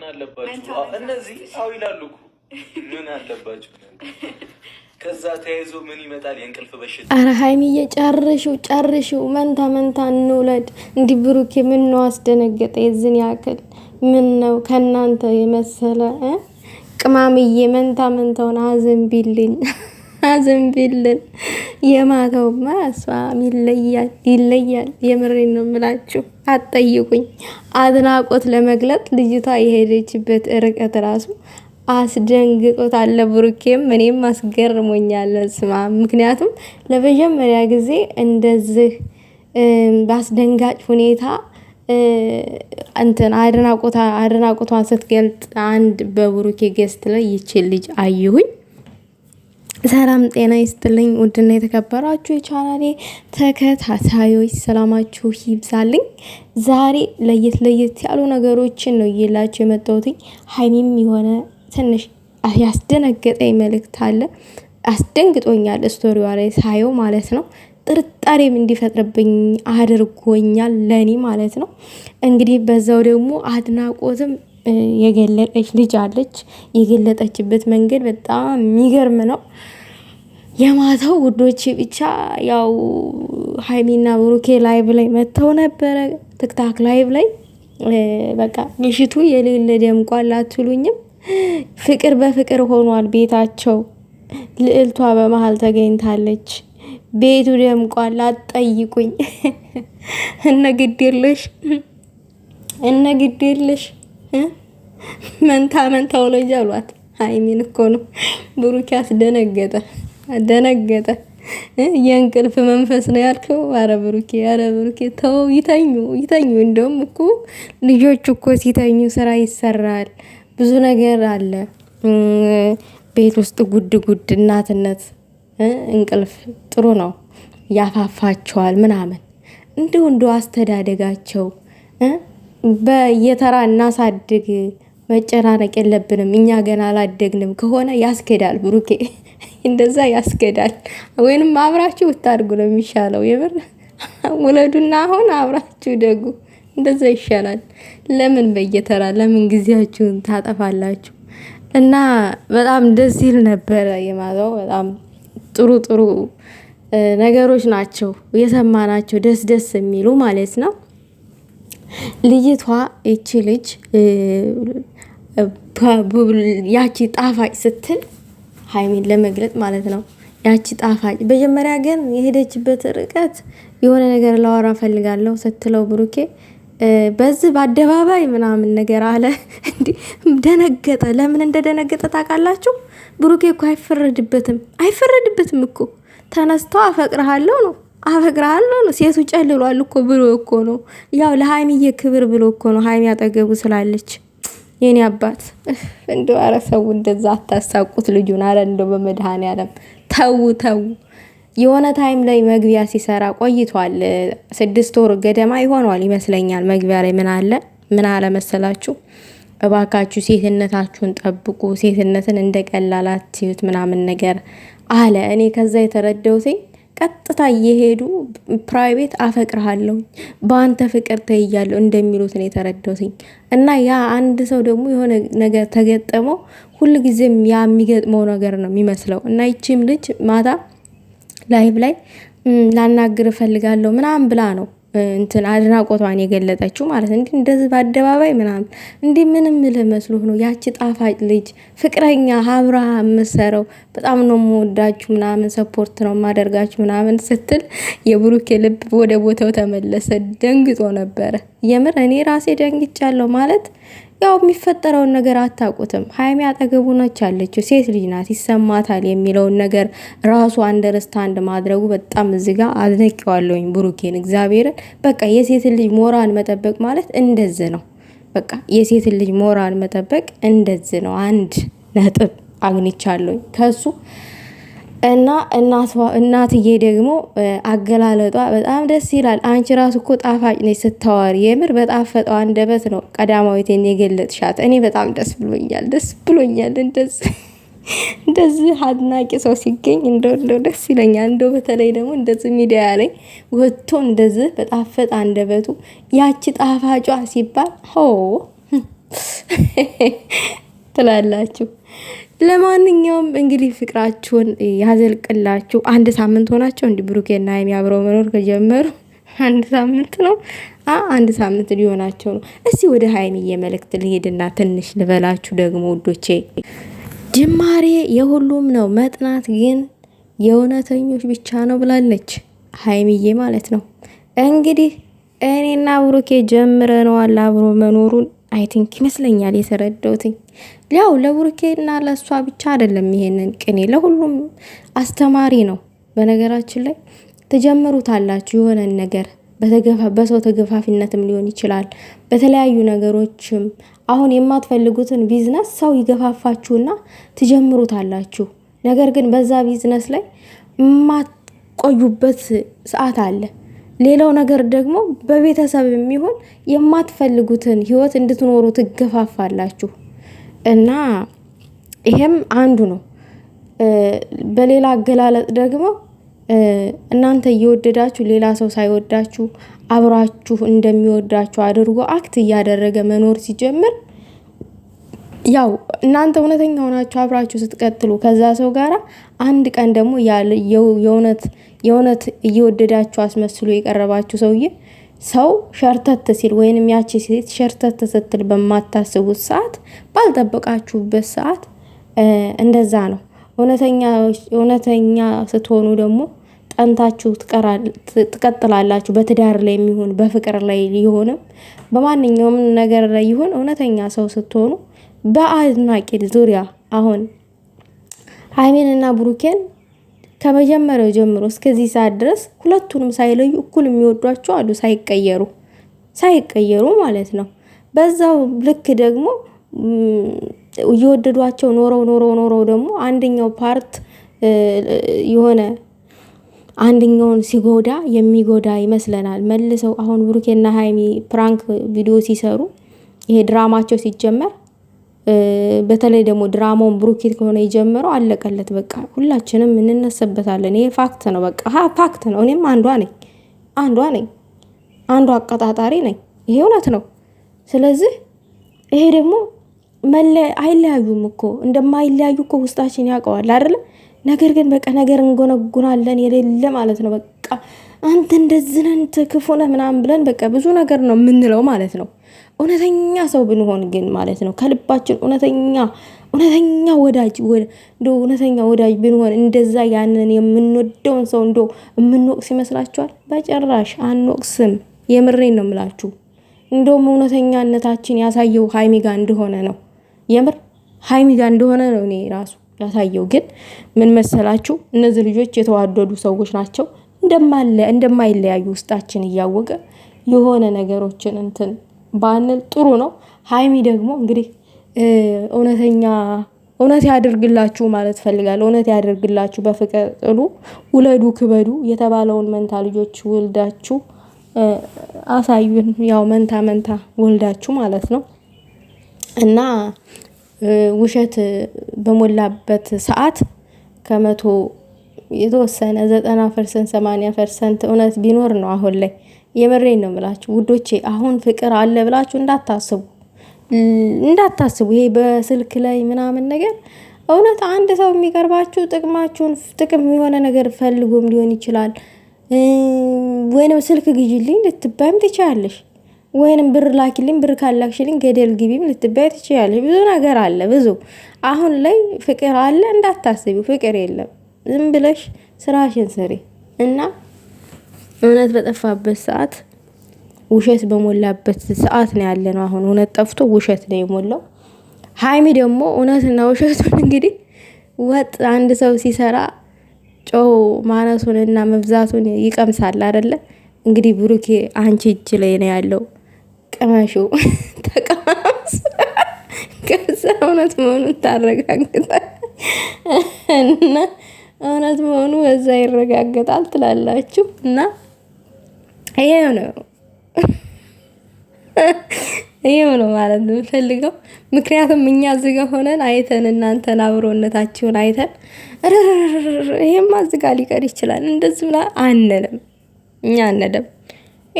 ምን አለባችሁ እነዚህ አው ይላሉ እኮ ምን አለባችሁ? ከዛ ተያይዞ ምን ይመጣል? የእንቅልፍ በሽታ። አረ ሀይሚዬ ጨርሽው ጨርሽው፣ መንታ መንታ እንውለድ። እንዲህ ብሩኬ ምን ነው አስደነገጠ? የዝን ያክል ምን ነው ከእናንተ የመሰለ ቅማምዬ መንታ መንታውን አዘንቢልኝ። አዘንብልን የማተውማ እሷ ይለያል ይለያል። የምሬን ነው የምላችሁ፣ አትጠይቁኝ። አድናቆት ለመግለጥ ልጅቷ የሄደችበት ርቀት ራሱ አለ ብሩኬም እኔም አስገርሞኛል። ስማ ምክንያቱም ለመጀመሪያ ጊዜ እንደዚህ በአስደንጋጭ ሁኔታ እንትን አድናቆቷን ስትገልጥ አንድ በብሩኬ ገስት ላይ ይችል ልጅ አየሁኝ። ሰላም ጤና ይስጥልኝ። ውድና የተከበራችሁ የቻናሌ ተከታታዮች ሰላማችሁ ይብዛልኝ። ዛሬ ለየት ለየት ያሉ ነገሮችን ነው እየላችሁ የመጣሁትኝ። ሀይሚም የሆነ ትንሽ ያስደነገጠኝ መልእክት አለ። አስደንግጦኛል፣ ስቶሪዋ ላይ ሳየው ማለት ነው። ጥርጣሬም እንዲፈጥርብኝ አድርጎኛል፣ ለእኔ ማለት ነው። እንግዲህ በዛው ደግሞ አድናቆትም የገለጠች ልጅ አለች። የገለጠችበት መንገድ በጣም የሚገርም ነው። የማታው ውዶች ብቻ ያው ሀይሚና ብሩኬ ላይቭ ላይ መጥተው ነበረ፣ ትክታክ ላይቭ ላይ በቃ ምሽቱ የሌለ ደምቋል አትሉኝም? ፍቅር በፍቅር ሆኗል ቤታቸው። ልዕልቷ በመሀል ተገኝታለች። ቤቱ ደምቋል አትጠይቁኝ። እነ ግዴለሽ እነ መንታ መንታ ወለጃ ብሏት ሀይሚን እኮ ነው ብሩኬ አስደነገጠ አደነገጠ። የእንቅልፍ መንፈስ ነው ያልከው። አረ ብሩኬ፣ አረ ብሩኬ ተው፣ ይተኙ ይተኙ። እንደውም እኮ ልጆች እኮ ሲተኙ ስራ ይሰራል፣ ብዙ ነገር አለ ቤት ውስጥ ጉድ ጉድ እናትነት እንቅልፍ ጥሩ ነው፣ ያፋፋቸዋል ምናምን እንደው እንደው አስተዳደጋቸው በየተራ እናሳድግ፣ መጨናነቅ የለብንም እኛ ገና አላደግንም ከሆነ ያስኬዳል። ብሩኬ እንደዛ ያስኬዳል። ወይንም አብራችሁ ብታድጉ ነው የሚሻለው። የምር ውለዱና አሁን አብራችሁ ደጉ፣ እንደዛ ይሻላል። ለምን በየተራ ለምን ጊዜያችሁን ታጠፋላችሁ? እና በጣም ደስ ይል ነበረ። የማዘው በጣም ጥሩ ጥሩ ነገሮች ናቸው የሰማናቸው፣ ደስ ደስ የሚሉ ማለት ነው። ልይቷ ይቺ ልጅ ያቺ ጣፋጭ ስትል ሀይሚን ለመግለጥ ማለት ነው። ያቺ ጣፋጭ መጀመሪያ ግን የሄደችበት ርቀት የሆነ ነገር ላወራ ፈልጋለሁ ስትለው ብሩኬ በዚህ በአደባባይ ምናምን ነገር አለ። ደነገጠ። ለምን እንደደነገጠ ታውቃላችሁ? ብሩኬ እኮ አይፈረድበትም አይፈረድበትም እኮ ተነስተው አፈቅርሃለሁ ነው አፈቅርሃለሁ ነው። ሴቱ ጨልሏል እኮ ብሎ እኮ ነው ያው ለሀይሚዬ ክብር ብሎ እኮ ነው ሀይሚ አጠገቡ ስላለች የኔ አባት እንደው ኧረ ሰው እንደዛ አታሳቁት ልጁን። ኧረ እንደው በመድኃኔዓለም ተው ተው። የሆነ ታይም ላይ መግቢያ ሲሰራ ቆይቷል። ስድስት ወር ገደማ ይሆኗል ይመስለኛል። መግቢያ ላይ ምን አለ ምን አለ መሰላችሁ? እባካችሁ ሴትነታችሁን ጠብቁ፣ ሴትነትን እንደ ቀላል ምናምን ነገር አለ። እኔ ከዛ የተረደውትኝ ቀጥታ እየሄዱ ፕራይቬት አፈቅርሃለሁ በአንተ ፍቅር ተይያለሁ እንደሚሉት ነው የተረዳሁትኝ። እና ያ አንድ ሰው ደግሞ የሆነ ነገር ተገጠመው ጊዜም ያ የሚገጥመው ነገር ነው የሚመስለው። እና ይቺም ልጅ ማታ ላይቭ ላይ ላናግር እፈልጋለሁ ምናምን ብላ ነው እንትን አድናቆቷን የገለጠችው ማለት ነው። እንዲህ እንደዚህ በአደባባይ ምናምን እንዲህ ምንም ልህ መስሎህ ነው። ያቺ ጣፋጭ ልጅ ፍቅረኛ ሀብራ የምትሰረው በጣም ነው የምወዳችሁ ምናምን ሰፖርት ነው የማደርጋችሁ ምናምን ስትል የብሩክ ልብ ወደ ቦታው ተመለሰ። ደንግጦ ነበረ። የምር እኔ ራሴ ደንግቻለሁ ማለት ያው የሚፈጠረውን ነገር አታውቁትም። ሀይሚ አጠገቡ ነች ያለችው ሴት ልጅ ናት፣ ይሰማታል የሚለውን ነገር ራሱ አንደርስታንድ ማድረጉ በጣም እዚጋ ጋር አድነቂዋለሁኝ ብሩኬን፣ እግዚአብሔርን በቃ የሴት ልጅ ሞራል መጠበቅ ማለት እንደዝ ነው። በቃ የሴት ልጅ ሞራል መጠበቅ እንደዝ ነው። አንድ ነጥብ አግኝቻለሁኝ ከሱ እና እናቷ እናትዬ ደግሞ አገላለጧ በጣም ደስ ይላል። አንቺ ራሱ እኮ ጣፋጭ ነች ስታወሪ፣ የምር በጣፈጠው አንደበት ነው ቀዳማዊቴን የገለጥሻት። እኔ በጣም ደስ ብሎኛል፣ ደስ ብሎኛል። እንደዚህ አድናቂ ሰው ሲገኝ እንደው ደስ ይለኛል። እንደው በተለይ ደግሞ እንደዚህ ሚዲያ ላይ ወጥቶ እንደዚህ በጣፈጠ አንደበቱ ያቺ ጣፋጯ ሲባል ሆ ትላላችሁ። ለማንኛውም እንግዲህ ፍቅራችሁን ያዘልቅላችሁ። አንድ ሳምንት ሆናቸው እንዲህ ብሩኬና የሚያብረው መኖር ከጀመሩ አንድ ሳምንት ነው፣ አንድ ሳምንት ሊሆናቸው ነው። እስቲ ወደ ሀይሚዬ መልእክት ልሄድና ትንሽ ልበላችሁ ደግሞ ውዶቼ። ጅማሬ የሁሉም ነው፣ መጥናት ግን የእውነተኞች ብቻ ነው ብላለች ሀይሚዬ ማለት ነው። እንግዲህ እኔና ብሩኬ ጀምረነዋል አብሮ መኖሩን አይ ቲንክ ይመስለኛል የተረዳውትኝ ያው ለቡርኬና ለእሷ ብቻ አይደለም። ይሄንን ቅኔ ለሁሉም አስተማሪ ነው። በነገራችን ላይ ተጀምሩታላችሁ የሆነን ነገር በሰው ተገፋፊነትም ሊሆን ይችላል። በተለያዩ ነገሮችም አሁን የማትፈልጉትን ቢዝነስ ሰው ይገፋፋችሁና ትጀምሩታላችሁ። ነገር ግን በዛ ቢዝነስ ላይ የማትቆዩበት ሰዓት አለ። ሌላው ነገር ደግሞ በቤተሰብ የሚሆን የማትፈልጉትን ህይወት እንድትኖሩ ትገፋፋላችሁ እና ይሄም አንዱ ነው። በሌላ አገላለጥ ደግሞ እናንተ እየወደዳችሁ ሌላ ሰው ሳይወዳችሁ አብራችሁ እንደሚወዳችሁ አድርጎ አክት እያደረገ መኖር ሲጀምር ያው እናንተ እውነተኛ ሆናችሁ አብራችሁ ስትቀጥሉ ከዛ ሰው ጋራ አንድ ቀን ደግሞ የእውነት የእውነት እየወደዳችሁ አስመስሎ የቀረባችሁ ሰውዬ ሰው ሸርተት ሲል ወይንም ያቺ ሴት ሸርተት ስትል በማታስቡት ሰዓት ባልጠበቃችሁበት ሰዓት እንደዛ ነው። እውነተኛ ስትሆኑ ደግሞ ጠንታችሁ ትቀጥላላችሁ። በትዳር ላይ የሚሆን በፍቅር ላይ ሊሆንም በማንኛውም ነገር ላይ ይሁን እውነተኛ ሰው ስትሆኑ በአድናቂ ዙሪያ አሁን ሀይሜንና ብሩኬን ከመጀመሪያው ጀምሮ እስከዚህ ሰዓት ድረስ ሁለቱንም ሳይለዩ እኩል የሚወዷቸው አሉ፣ ሳይቀየሩ ሳይቀየሩ ማለት ነው። በዛው ልክ ደግሞ እየወደዷቸው ኖረው ኖረው ኖረው ደግሞ አንደኛው ፓርት የሆነ አንደኛውን ሲጎዳ የሚጎዳ ይመስለናል። መልሰው አሁን ብሩኬና ሀይሚ ፕራንክ ቪዲዮ ሲሰሩ ይሄ ድራማቸው ሲጀመር በተለይ ደግሞ ድራማውን ብሩኬት ከሆነ የጀመረው አለቀለት። በቃ ሁላችንም እንነሰበታለን። ይሄ ፋክት ነው። በቃ ፋክት ነው። እኔም አንዷ ነኝ፣ አንዷ ነኝ፣ አንዷ አቀጣጣሪ ነኝ። ይሄ እውነት ነው። ስለዚህ ይሄ ደግሞ አይለያዩም እኮ እንደማይለያዩ እኮ ውስጣችን ያውቀዋል አይደለም። ነገር ግን በቃ ነገር እንጎነጉናለን የሌለ ማለት ነው። በቃ አንተ እንደዚህ ነህ፣ አንተ ክፉ ነህ ምናምን ብለን በቃ ብዙ ነገር ነው የምንለው ማለት ነው። እውነተኛ ሰው ብንሆን ግን ማለት ነው ከልባችን እውነተኛ እውነተኛ ወዳጅ እንደ እውነተኛ ወዳጅ ብንሆን እንደዛ ያንን የምንወደውን ሰው እንደ የምንወቅስ ይመስላችኋል? በጭራሽ አንወቅስም። የምሬን ነው የምላችሁ። እንደውም እውነተኛነታችን ያሳየው ሀይሚ ጋ እንደሆነ ነው። የምር ሀይሚ ጋ እንደሆነ ነው እኔ ራሱ ያሳየው። ግን ምን መሰላችሁ እነዚህ ልጆች የተዋደዱ ሰዎች ናቸው። እንደማይለያዩ ውስጣችን እያወቀ የሆነ ነገሮችን እንትን ባንል ጥሩ ነው። ሀይሚ ደግሞ እንግዲህ እውነተኛ እውነት ያደርግላችሁ ማለት እፈልጋለሁ። እውነት ያደርግላችሁ፣ በፍቅር ጥሉ፣ ውለዱ፣ ክበዱ የተባለውን መንታ ልጆች ወልዳችሁ አሳዩን። ያው መንታ መንታ ወልዳችሁ ማለት ነው እና ውሸት በሞላበት ሰዓት ከመቶ የተወሰነ ዘጠና ፐርሰንት ሰማንያ ፐርሰንት እውነት ቢኖር ነው አሁን ላይ የምሬን ነው የምላችሁ ውዶቼ። አሁን ፍቅር አለ ብላችሁ እንዳታስቡ እንዳታስቡ። ይሄ በስልክ ላይ ምናምን ነገር እውነት አንድ ሰው የሚቀርባችሁ ጥቅማችሁን ጥቅም የሆነ ነገር ፈልጎም ሊሆን ይችላል። ወይንም ስልክ ግዢልኝ ልትባይም ትችያለሽ። ወይንም ብር ላኪልኝ፣ ብር ካላክሽልኝ ገደል ግቢም ልትባይ ትችያለሽ። ብዙ ነገር አለ ብዙ። አሁን ላይ ፍቅር አለ እንዳታስቢው፣ ፍቅር የለም። ዝም ብለሽ ስራሽን ስሪ እና እውነት በጠፋበት ሰዓት ውሸት በሞላበት ሰዓት ነው ያለ ነው። አሁን እውነት ጠፍቶ ውሸት ነው የሞላው። ሀይሚ ደግሞ እውነትና ውሸቱን እንግዲህ ወጥ አንድ ሰው ሲሰራ ጮው ማነሱን እና መብዛቱን ይቀምሳል አደለ? እንግዲህ ብሩኬ አንቺ እጅ ላይ ነው ያለው። ቅመሹ ተቀማስ፣ ከዛ እውነት መሆኑን ታረጋግጣ እና እውነት መሆኑ በዛ ይረጋግጣል ትላላችሁ እና ይሄው ነው ይሄው ነው ማለት ነው የምፈልገው። ምክንያቱም እኛ ዝጋ ሆነን አይተን እናንተን አብሮነታችሁን አይተን ይሄማ ዝጋ ሊቀር ይችላል እንደዚህ ብላ አንልም፣ እኛ አንልም።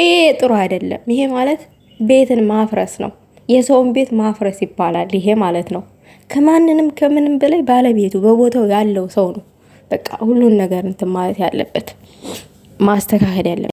ይሄ ጥሩ አይደለም። ይሄ ማለት ቤትን ማፍረስ ነው። የሰውን ቤት ማፍረስ ይባላል ይሄ ማለት ነው። ከማንንም ከምንም በላይ ባለቤቱ በቦታው ያለው ሰው ነው በቃ ሁሉን ነገር እንትን ማለት ያለበት ማስተካከል ያለበት